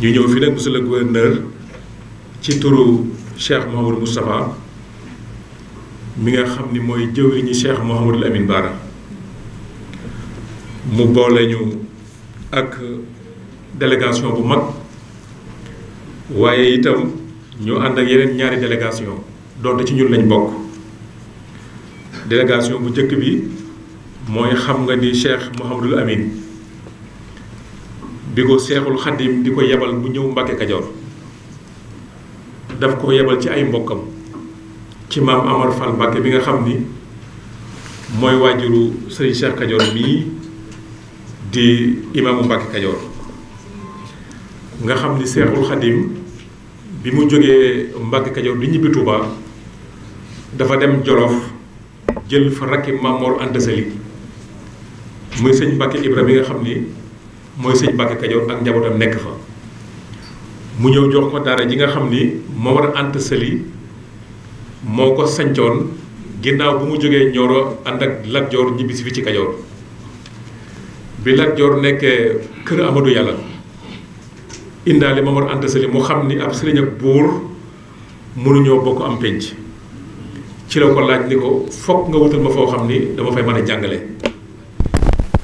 ñu ñëw fi nag monsieur le gouverneur ci turu Cheikh Mouhamadou Moustapha mi nga xam ni mooy jëw jëwriñu Cheikh Mouhamadou Lamine Bara mu boole ñu ak délégation bu mag waaye itam ñu ànd ak yeneen ñaari délégation donte ci ñu lañ bokk délégation bu njëkk bi mooy xam nga ni Cheikh Mouhamadou Amine bi ko seexul xadim di ko yebal mu ñëw Mbàkke Kajoor daf ko yebal ci ay mbokkam ci maam Amar Fall Mbàkke bi nga xam ni mooy waajuru sëriñ Cheikh Kajoor mii di imaamu Mbàkke Kajoor nga xam ni seexul xadim bi mu jógee Mbàkke Kajoor di ñibbi Tuubaa dafa dem Jolof jël fa rakki Maam Mor Anta muy sëñ Mbàkke Ibra bi nga xam ni mooy sëñ Mbàkke Kajoor ak njabootam nekk fa mu ñëw jox ko daara ji nga xam ni Momar Anta Sali moo ko sancoon ginnaaw bu mu jógee ñoro ànd ak Lat Joor ñibbisi fi ci Kajoor bi Lat Joor nekkee kër Amadou Yàlla indaale Momar Anta Sali mu xam ni ab sëriñ ak buur mënuñoo bokk am penc ci la ko laaj ni ko fokk nga wutal ma foo xam ni dama fay mën a jàngale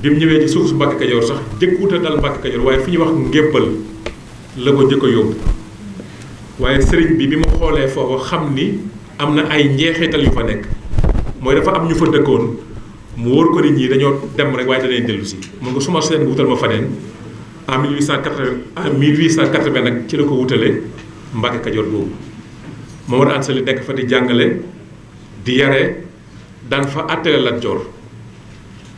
bi mu ñëwee ci suuf su Mbàkke Kajoor sax jëkkuut a dal Mbàkke Kajoor waaye fi ñu wax ngébbal la ko jëkk a yóbbu waaye sëriñ bi bi mu xoolee foofa xam ni am na ay njeexital yu fa nekk mooy dafa am ñu fa dëkkoon mu wóor ko nit ñi dañoo dem rek waaye danañ dellu si mun ko suma seen wutal ma faneen en 1880 en 1880 nag ci la ko wutale Mbàkke Kajoor boobu Mamadou Anta Sali nekk fa di jàngale di yare daan fa àttale Lat Joor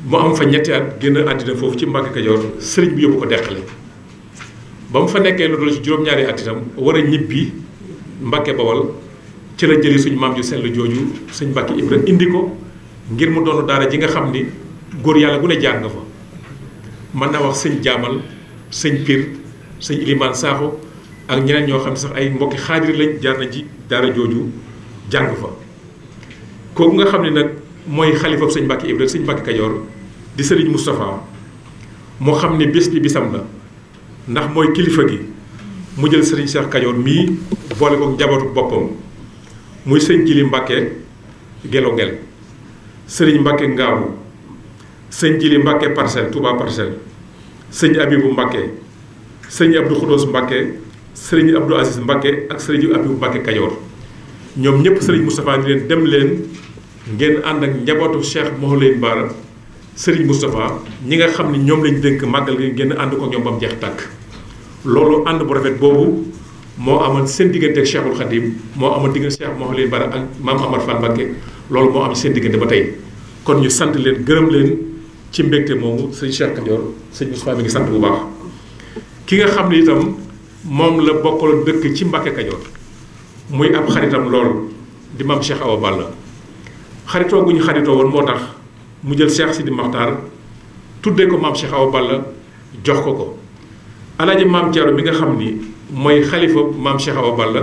mu am fa ñetti at génn àddina foofu ci Mbàkke Kajoor sëriñ bi yóbbu ko deqale ba mu fa nekkee lu dul ci juróom-ñaari at war a ñibbi Mbàkke Bawol ci la jëli suñu maam ju sell jooju suñ Mbàkke Ibra indi ko ngir mu doonu daara ji nga xam ni góor yàlla gu ne jaar nga fa mën naa wax sëñ jaamal sëñ piir sëñ Ilimaan Saaxo ak ñeneen ñoo xam ne sax ay mbokki xaadir lañ jaar na ji daara jooju jàng fa kooku nga xam ni nag mooy xalifa sëñ Mbàkke Ibrahima sëñ Mbàkke Kajoor di sëriñ Moustapha moo xam ni bés bi bisam la ndax mooy kilifa gi mu jël sëriñ Cheikh Kajoor mii boole ko njabootu boppam muy sëñ Jili Mbàkke Gelo sëriñ Mbàkke Ngaabu sëñ Jili Mbàkke Parcelles Touba Parcelles sëñ Abibu Mbàkke sëñ Abdou Khoudous Mbàkke sëriñ Abdou Aziz Mbàkke ak sëriñ Abibu Mbàkke Kajoor ñoom ñëpp sëriñ Moustapha ñu leen dem leen ngeen ànd ak njabootu cheikh Mawlane Bara Serigne Moustapha ñi nga xam ne ñoom lañ dénk màggal gi ngeen ànd ko ñoom ba mu jeex tàkk loolu ànd bu rafet boobu moo amoon seen diggante ak cheikhul Khadim moo amoon diggante cheikh Mawlane Bara ak maam Amar Fall Mbacké loolu moo am seen diggante ba tey kon ñu sant leen gërëm leen ci mbégte moomu sëñ Cheikh Kadior sëñ Moustapha mi ngi sant bu baax ki nga xam ne itam moom la bokkaloon dëkk ci Mbacké Kadior muy ab xaritam lool di maam Cheikh Awa Balla xaritoo gu ñu xaritoo woon moo tax mu jël Cheikh Sidi Maxtaar tuddee ko maam Cheikh Awa Balla jox ko ko alaaji maam Thierno mi nga xam ni mooy xalifa maam Cheikh Awa Balla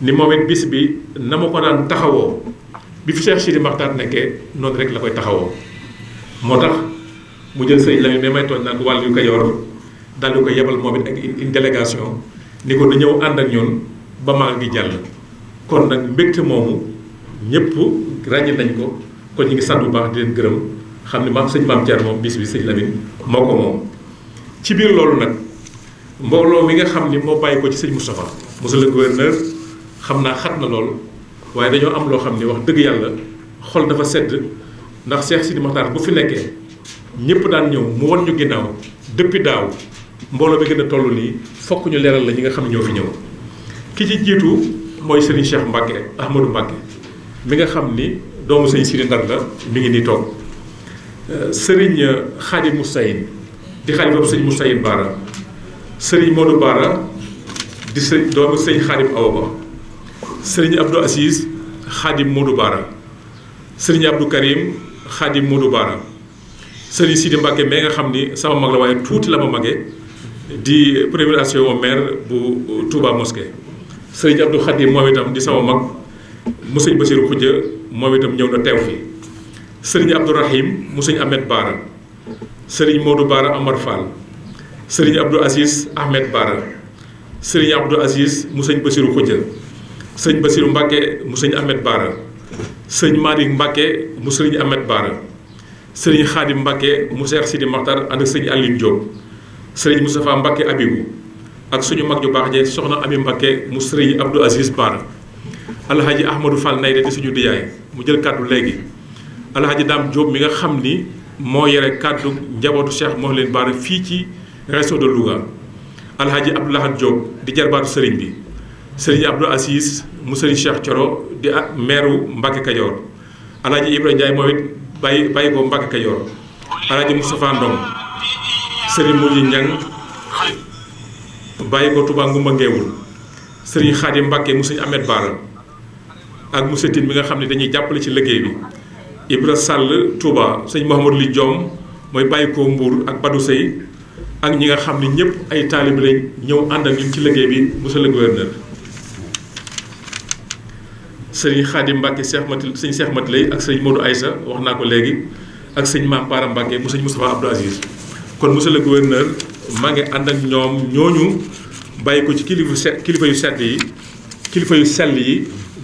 ni moom it bis bi na ma ko naan taxawoo bi fi Cheikh Sidi Maxtaar nekkee noonu rek la koy taxawoo moo tax mu jël sëñ Lamine may tooñ naan wàll yu ko yor di ko yebal moom ak une délégation ni ko na ñëw ànd ak ñoon ba maa ngi jàll kon nag mbégte moomu ñëpp ràññi nañ ko kon ñu ngi sant bu baax di leen gërëm xam ne maam sëñ maam Thierno moom bis bi sëñ Lamine moo ko moom. ci biir loolu nag mbooloo mi nga xam ni moo bàyyi ko ci sëñ Moustapha monsieur le gouverneur xam naa xat na lool waaye dañoo am loo xam ne wax dëgg yàlla xol dafa sedd ndax Cheikh Sidi Makhtar bu fi nekkee ñëpp daan ñëw mu won ñu ginnaaw depuis daaw mbooloo mi gën a toll nii fokk ñu leeral la ñi nga xam ne ñoo fi ñëw ki ci jiitu mooy Serigne Cheikh Mbacke Ahmadou Mbacke. mi nga xam ni doomu sëñ Sidi Ndar la mi ngi nii toog sëriñ Xaadim Moussaïd di xaadim boobu sëñ Moussaïd Baara sëriñ Modou Baara di sëriñ doomu sëñ Xaadim Awa Ba sëriñ Abdou Assis Xaadim Modou Baara sëriñ Abdou Karim Xaadim Modou Baara sëriñ Sidi Mbacke mais nga xam ni sama mag la waaye tuuti la ma magee di premier adjoint au maire bu Touba Mosquée sëriñ Abdou Khadim moom itam di sama mag. mu sëñ Basiru Xujja moom itam ñëw na teew fi sëriñ Abdourahim mu sëñ Ahmed Baara sëriñ Modou Baara Amar Fall sëriñ Abdou Aziz Ahmed Baara sëriñ Abdou Aziz mu sëñ Basiru Xujja sëñ Basiru Mbàkke mu sëñ Ahmed Baara sëñ Malick Mbàkke mu sëriñ Ahmed Baara sëriñ Xaadim Mbàkke mu Seex Sidi Maxtar ànd ak sëñ Aline Diop sëriñ Moustapha Mbàkke Abibu ak suñu mag ju baax je soxna Ami Mbàkke mu sëriñ Abdou Aziz Baara alhaji ahmadou fall nay di suñu diyaay mu jël kàddu legi alhaji dam job mi nga xam ni moo yore kàddu cheikh Mawlin Bara ci de Louga alhaji Abdullah job di jarbaatu sëriñ bi sëriñ abdou assis mu sëriñ cheikh Thioro di meeru Mbacke Kajoor alhaji Ibrahim jay moom Bayi bàyyi bàyyi Mbacke alhaji moustapha ndom sëriñ muji ñang bàyyi ko Touba Ngumba Ngeewul sëriñ xaadim Mbacke mu Ahmed ak monsieur Tine mi nga xam ne dañuy jàppale ci liggéey bi Ibra Sall Touba sëñ Mouhamadou Li Diom mooy bàyyi ko Mbour ak Badou Sey ak ñi nga xam ni ñëpp ay taalib lañ ñëw ànd ak ñun ci liggéey bi monsieur le gouverneur. sëriñ Khadim Mbacke Cheikh Mat sëñ Cheikh Mat lay ak sëriñ Modou Aïssa wax naa ko léegi ak sëñ maam Para Mbacke mu sëñ Moustapha Aziz kon monsieur le gouverneur maa ngi ànd ak ñoom ñooñu bàyyi ko ci kilifa se kilifa yu sedd yi kilifa yu sell yi.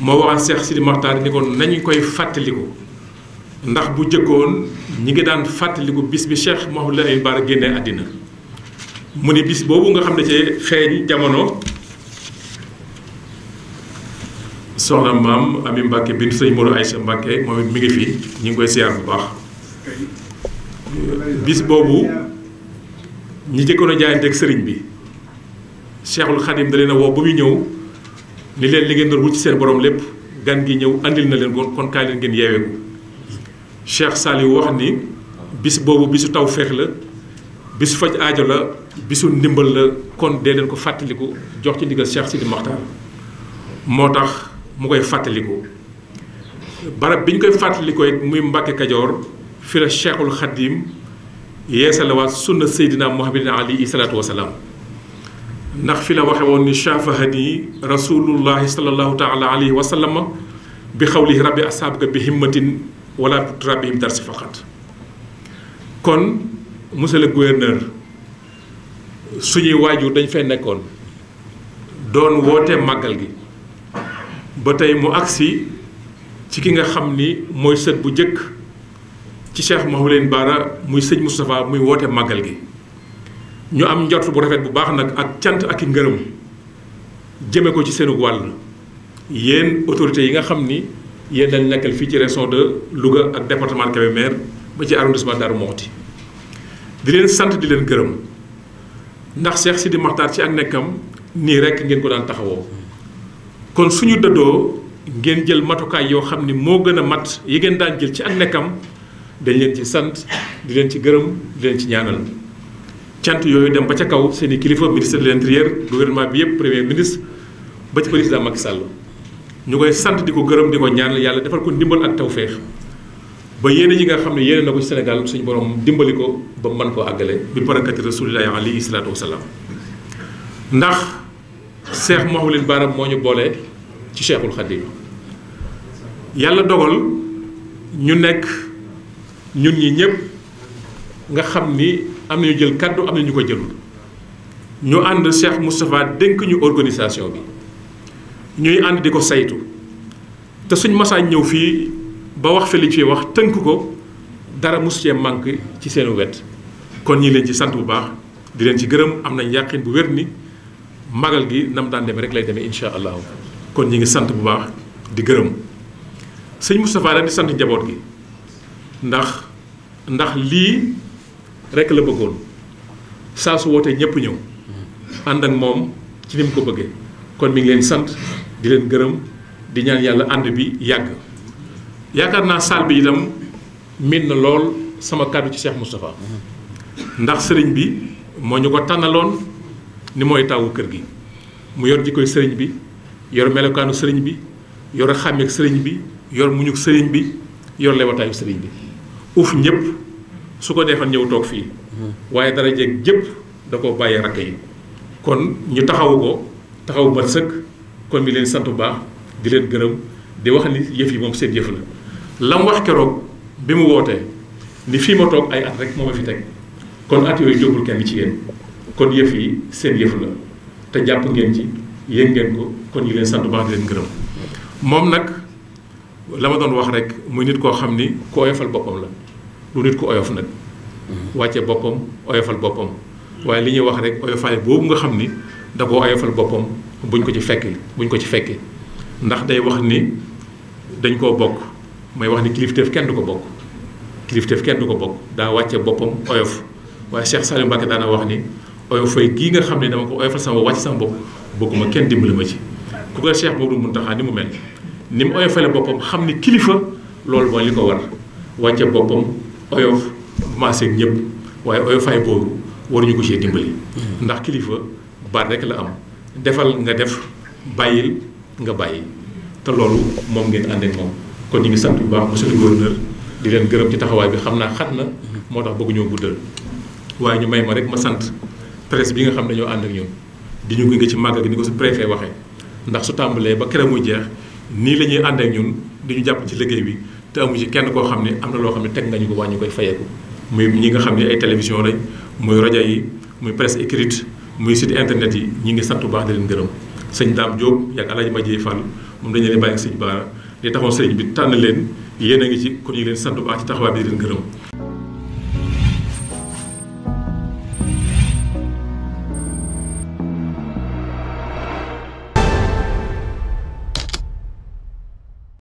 moo waxal Cheikh Sidi Mokhtar ni ko nañu koy fàttaliku ndax bu jëkkoon ñi ngi daan fàttaliku bis bi Cheikh Mouhamadou Lamine Bara génnee àddina mu ni bis boobu nga xam ne ci feeñ jamono soxna maam Ami Mbacke bintu sëñ Modou Aïcha Mbacke moom mi ngi fii ñu ngi koy siyaar bu baax bis boobu ñi jëkkoon a jaayanteeg sëriñ bi Cheikhul Khadim da na a ba mu ñëw li leen liggéeyandoo wul ci seen borom lépp gan gi ñëw andil na leen woon kon kaay leen ngeen yeeweeku Cheikh Saliou wax ni bis boobu bisu taw feex la bisu faj aajo la bisu ndimbal la kon dee leen ko fàttaliku jox ci ndigal Cheikh Sidi Maxtaar moo tax mu koy fàttaliku. barab bi ñu koy fàttalikoo it muy Mbàkke Kajoor fi la Cheikhul Xadim yeesalawaat sunna Seydina Muhammadin Ali salaatu wa ndax fi la waxe woon ni shafahani rasulullahi salallahu taala alayhi wa sallam bi xawlihi rabbi asaabka bi himmatin wala rabbihim darsi faqat kon monsieur le gouverneur suñuy waajur dañ fay nekkoon doon woote màggal gi ba tey mu agsi ci ki nga xam ni mooy sët bu jëkk ci cheikh mahoulen bara muy sëñ moustapha muy woote màggal gi ñu am njort bu rafet bu baax nag ak cant ak i ngërëm jëme ko ci seenu wàll yéen autorités yi nga xam ni yéen dañ nekkal fii ci région de Louga ak département Kébémer ba ci arrondissement Darou Mouhty di leen sant di leen gërëm ndax Cheikh Sidi Makhtar ci ak nekkam nii rek ngeen ko daan taxawoo kon suñu dëddoo ngeen jël matukaay yoo xam ni moo gën a mat yi ngeen daan jël ci ak nekkam dañ leen ci sant di leen ci gërëm di leen ci ñaanal cant yooyu dem ba ca kaw seeni kilifa ministre de l' intérieur gouvernement bi yëpp premier ministre ba ci président Macky Sall ñu koy sant di ko gërëm di ko ñaanal yàlla defal ko ndimbal ak tawféex ba yéene yi nga xam ne yéene na ko ci Sénégal suñu borom dimbali ko ba man koo àggale bi barakati rasulillahi alayhi salaatu wasalaam ndax seex Mawlin Baaram moo ñu boole ci Cheikhul Khadim yàlla dogal ñu nekk ñun ñi ñëpp nga xam ni. am na ñu jël kaddu am na ñu ko jëlu ñu ànd Cheikh Moustapha dénk ñu organisation bi ñuy ànd di ko saytu te suñ masaa ñëw fii ba wax fi li ci wax tënk ko dara mosu cee manqué ci seen wet kon ñi leen ci sant bu baax di leen ci gërëm am na yàqin bu wér ni magal gi nam daan demee rek lay demee incha allahu kon ñi ngi sant bu baax di gërëm sëñ Moustapha daal di sant njaboot gi ndax ndax lii rek la bëggoon saa su wootee ñëpp ñëw ànd ak moom ci ni ko bëggee kon mi ngi leen sant di leen gërëm di ñaan yàlla ànd bi yàgg yaakaar naa saal bi itam min na lool sama kàddu ci Cheikh Moustapha ndax sëriñ bi moo ñu ko tànnaloon ni mooy taawu kër gi mu yor jikkoy sëriñ bi yor melokaanu sëriñ bi yor xàmmeek sëriñ bi yor muñuk sëriñ bi yor lewataayu sëriñ bi uf ñëpp su ko neexoon ñëw toog fii waaye dara jeeg jépp da ko bàyyi rakk yi kon ñu taxawu ko taxaw ba sëkk kon mi leen sant bu baax di leen gërëm di wax ni yëf yi moom seen yëf la lam wax keroog bi mu wootee ni fii ma toog ay at rek moo ma fi teg kon at yooyu jógul kenn ci yéen kon yëf yi seen yëf la te jàpp ngeen ci yéen ngeen ko kon ñu leen sant baax di leen gërëm moom nag la ma doon wax rek muy nit koo xam ni koo oyofal boppam la du nit ku oyof nag wàcce boppam oyofal boppam waaye li ñuy wax rek oyofaay boobu nga xam ni da koo oyofal boppam buñ ko ci fekkee buñ ko ci fekkee ndax day wax ni dañ ko bokk may wax ni kilifteef kenn du ko bokk kilifteef kenn ko bokk daa wàcce boppam oyof waaye Cheikh Saliou Mbacké daana wax ni oyofay gii nga xam ne dama ko oyofal sama wàcc sama bopp bokkuma kenn dimbali ma ci ku ko boobu mun taxaa ni mu mel ni mu oyofale boppam xam ni kilifa loolu mooy li ko war wàcce boppam oyof maasee ñëpp waaye oyofaay boobu waruñu ko cee dimbali hmm. ndax kilifa baat rek la am defal nga def bàyyil nga bàyyi te loolu moom ngeen ànd moom kon ñu ngi sant bu baax monsieur le gouverneur di leen gërëm ci taxawaay bi xam naa xat na moo tax bëgguñoo guddal waaye ñu may ma rek ma sant presse bi nga xam ne ñoo ànd ak ñun di ñu gunge ci màggal gi ni ko su préfet waxee ndax su tàmbalee ba kere muy jeex nii la ñuy ànd ak ñun di ñu jàpp ci liggéey bi te amu ci kenn koo xam ne am na loo xam ne teg nga ñu ko wàññi koy fayeeku muy ñi nga xam ne ay télévision lañ muy rajo yi muy presse écrite muy site internet yi ñi ngi sant bu baax di leen gërëm sëñ Dame Diop yaag Alaaji Madiye Fall moom dañu leen bàyyi ak sëñ Baara li taxoon sëriñ bi tànn leen yéen a ngi ci kon ñu leen sant bu baax ci taxawaay bi di leen gërëm